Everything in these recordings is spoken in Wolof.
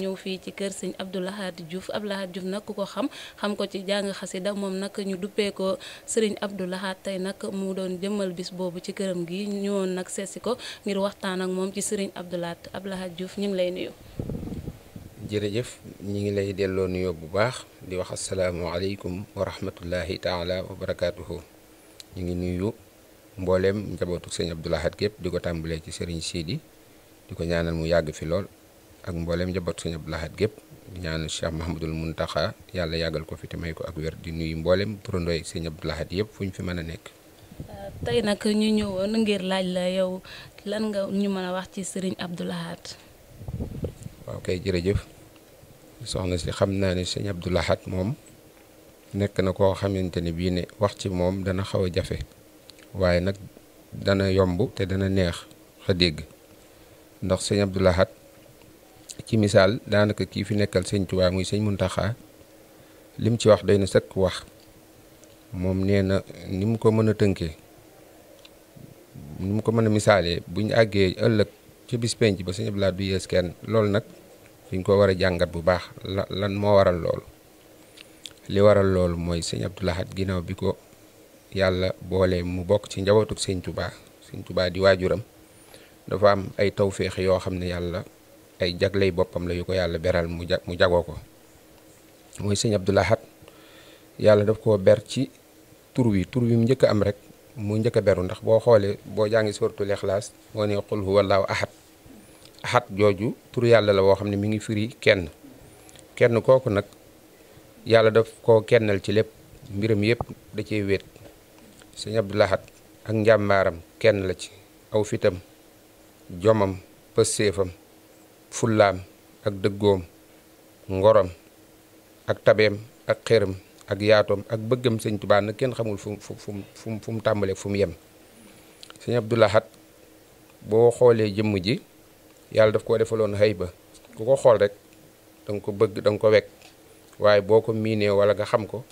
ñëw fii ci kër sëñ Abdou Lahad Diouf Abdou Lahad nag ku ko xam xam ko ci jàng xasida moom nag ñu duppee ko sëriñ Abdou Lahad tey nag mu doon jëmmal bis boobu ci këram gi ñëwoon nag seesi ko ngir waxtaan ak moom ci sëriñ Abdou Lahad Abdou Lahad Diouf ñu ngi lay nuyu. jërëjëf ñi ngi lay delloo nuyo bu baax di wax asalaamualeykum wa rahmatullahi taala wa barakaatuhu ñu ngi nuyu mbooleem njabootu sëñ Abdou Lahad gépp di ko tàmbalee ci sëriñ Sidi di ko ñaanal mu yàgg fi lool ak mbooleem njaboot sëñ Abdou Lahad gépp di ñaanal Cheikh Mahamadul Muntaxa yàlla yàggal ko fi te may ko ak wér di nuyu mbooleem turandooy sëñ Abdou Lahad yëpp fu ñu mën a nekk euh, tey nag ñu ñëwoon ngir laaj la yow lan nga ñu mën wax ci sëriñ Abdou Lahad waaw kay jërëjëf soxna si xam naa ne sëñ Abdou Lahad moom nekk na koo xamante ne bii wax ci moom dana xaw a jafe waaye nag dana yomb te dana neex dégg ndax sëñ Abdou ci misaal daanaka kii fi nekkal sëñ Tuubaa muy sëñ Muntaxa lim ci wax doy na sëkk wax moom nee na ni mu ko mën a tënkee ni mu ko mën a misaalee buñ àggee ëllëg ci bis penc ba sëñ Abdoulaye du yees kenn loolu nag dañ ko war a jàngat bu baax la lan moo waral loolu li waral loolu mooy sëñ Abdoulaye ginnaaw bi ko yàlla boole mu bokk ci njabootu sëñ Tuubaa sëñ Tuubaa di waajuram dafa am ay tawféex yoo xam ne yàlla. ay jagley boppam la yu ko yàlla beral mu jag mu jagoo ko mooy sëñ Abdou Lahad yàlla daf koo ber ci tur wi tur wi mu njëkk am rek mu njëkk beru ndax boo xoolee boo jàngi suratul Ixlaas moo ne qul huwallaahu ahad ahad jooju tur yàlla la woo xam ne mu ngi firi kenn kenn kooku nag yàlla daf koo kennal ci lépp mbiram yëpp da cee wéet sëñ Abdou ak njàmbaaram kenn la ci aw fitam jomam pësséefam fullaam ak dëggoom ngorom ak tabeem ak xéram ak yaatoom ak bëggam sëñ Tuubaa kenn xamul fu fu fu mu fu mu tàmbalee fu mu yem sëñ Abdul Ahad boo xoolee jëmm ji yàlla daf koo defaloon ba ku ko xool rek da ko bëgg da ko wekk waaye boo ko miinee wala nga xam ko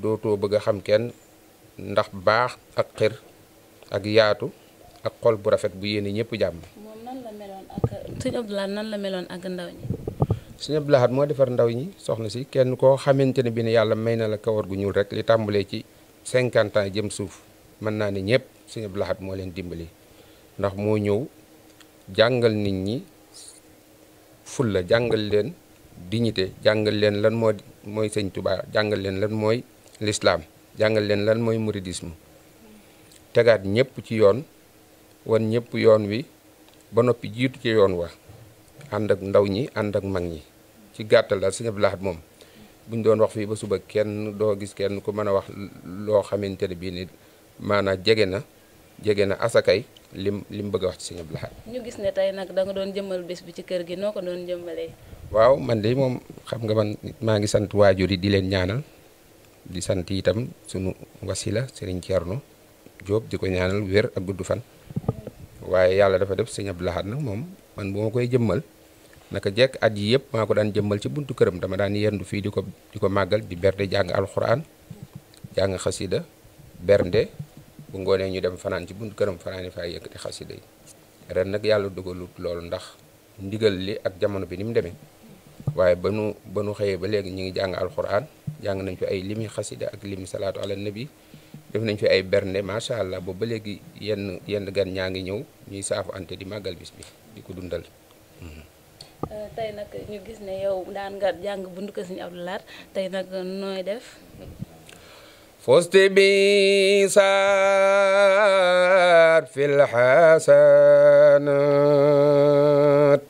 dootoo bëgg a xam kenn ndax baax ak xir ak yaatu ak xol bu rafet bu yéene ñëpp jàmm sëñ Abdoulaye nan la meloon ak ndaw ñi. sëñ moo defar ndaw ñi soxna si kenn koo xamante ne bi ne yàlla may na la kawar gu ñuul rek li tàmbalee ci 50 ans jëm suuf mën naa ne ñëpp suñu Abdoulaye moo leen dimbali ndax moo ñëw jàngal nit ñi fulla jàngal leen dignité jàngal leen lan moo mooy sëñ Tuubaa jàngal leen lan mooy lislaam jàngal leen lan mooy muridisme tegaat ñëpp ci yoon wan ñëpp yoon wi. ba noppi jiitu ci yoon wa ànd ak ndaw ñi ànd ak mag ñi ci gàttal daal sëñ Abdou Lahad moom buñ doon wax fii ba suba kenn doo gis kenn ku mën a wax loo xamante ne bii ni maanaa jege na jege na asakay lim lim bëgg a wax ci sëñ ñu gis ne tey nag da doon jëmmal bés bi ci kër gi noo ko doon jëmmalee. waaw man de moom xam nga man maa ngi sant waajur yi di leen ñaanal di sant itam sunu wasila Serigne Thierno Diop di ko ñaanal wér ak gudd fan. waaye yàlla dafa def sëñ laxaat Lahad nag moom man bu ma koy jëmmal naka jekk at yi yëpp maa ko daan jëmmal ci buntu këram dama daan yendu fii di ko di ko màggal di bernde jàng alxuraan jàng xasida bernde bu ngoonee ñu dem fanaan ci buntu këram fanaani faa yëkkati xasida yi ren nag yàlla dugalut loolu ndax ndigal li ak jamono bi ni mu demee waaye ba nu ba nu xëyee ba léegi ñu ngi jàng alxuraan jàng nañ fi ay limi xasida ak limi salaatu ala nabi def nañ fi ay bernde macha allah boobu ba léegi yenn yenn gan ñaa ngi ñëw ñuy saafu ante di màggal bis di ko dundal. Euh, tey nag ñu gis ne yow daan nga jàng buntu ko Sëriñ Abdou Lahad tey nag nooy def. فزت بيسار في الحسنات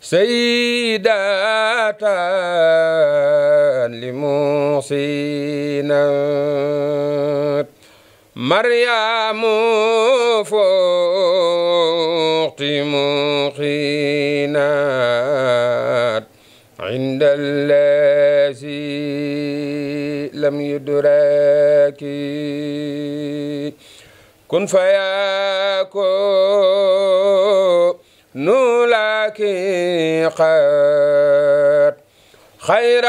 سيدات لمحسنات مريم فوقت مقينات عند الذي لم يدرك كن فيكون لك قد خير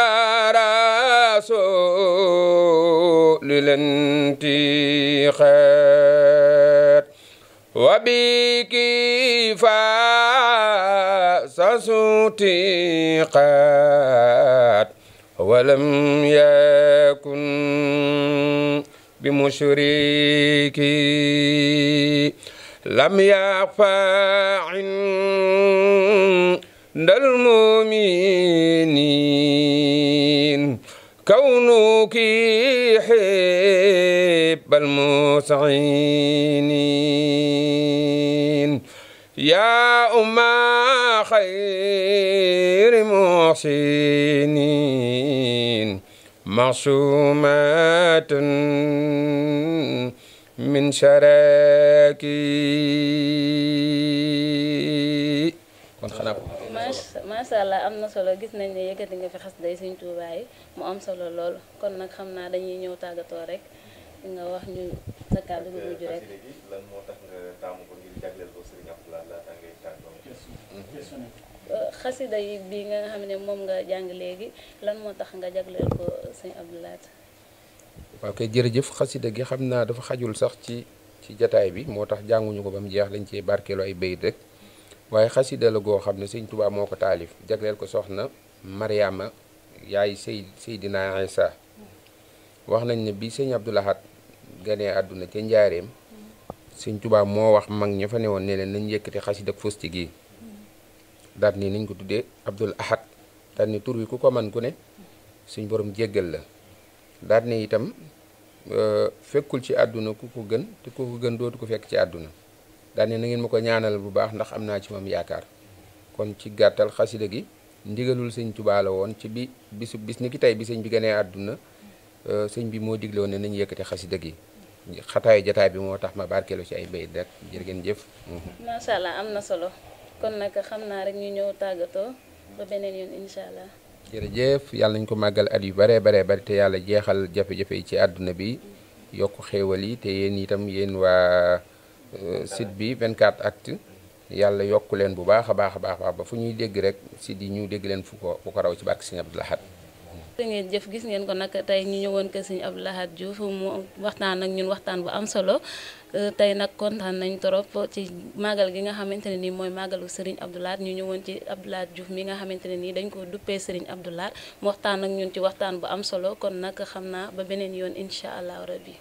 رسول للانتي خير وبك فسستي قد ولم يكن بمشركي لم يخفى عند المؤمنين كونك حي يحب المسعينين يا أما خير محسنين معصومات من شراكي kon xanaa am na solo gis nañ ne yëkkati nga fi xas day suñ tuubaay mu am solo lool kon nag xam naa dañuy ñëw tàggatoo rek nga wax ñu sa kàddu bu mujj rek euh, xasida yi bi nga xam ne moom nga jàng léegi lan moo tax nga jagleel ko sëñ Abdoulaye waaw jërëjëf xasida gi xam naa dafa xajul sax ci ci jataay bi moo tax jànguñu ko ba mu jeex lañ cee barkeelu ay bayit rek waaye xasida la goo xam ne sëñ tubaab moo ko taalif jagleel ko soxna Mariama yaay Sey dina Isa wax nañ ne bi sëñ Abdou Lahad ganee àdduna ca njaareem sëñ tubaab moo wax mag ña fa newoon ne leen nañ yëkkati xasida ak fosti gii daat ni nañ ko tuddee Abdul Ahad daat ni tur wi ku ko man ku ne suñ borom jéggal la daat ni itam euh, fekkul ci àdduna ku ko gën te ku ko gën dootu ko fekk ci àdduna daal ne na ngeen ma ko ñaanal bu baax ndax am naa ci moom yaakaar kon ci gàttal xasida gi ndigalul sëñ Tuubaa la woon ci bi bisu bis ni ki tey bi sëñ bi gënee àdduna Euh, sëñ bi moo digle woon ne nañu yëkkati xasida gi xataayu jataay bi moo tax ma barkeelu ci ay bayit rek jërë ngeen jëf. macha allah am na solo kon nag xam naa rek ñu ñëw tàggatoo ba beneen yoon incha allah. jërëjëf yàlla nañu ko màggal at yu baree baree bari te yàlla jeexal jafe-jafe yi ci àdduna bi yokk xéewal yi te yéen itam yéen waa euh, site bi 24 actu yàlla yokk leen bu baax a baax a baax ba fu ñuy dégg rek site yi ñu dégg leen fu ko raw ci barke Sëñ Abdou Lahad da ngeen jëf gis ngeen ko nag tey ñu ñëwoon ko sëñ Abdou Lahad Diouf mu waxtaan ak ñun waxtaan bu am solo euh, tey nag kontaan nañ trop ci màggal gi nga xamante ne nii mooy màggalu sëriñ Abdou ñu ñëwoon ci Abdou Lahad mi nga xamante ne nii dañ ko duppee sëriñ Abdou Lahad mu waxtaan ak ñun ci waxtaan bu am solo kon nag xam naa ba beneen yoon incha allah rabbi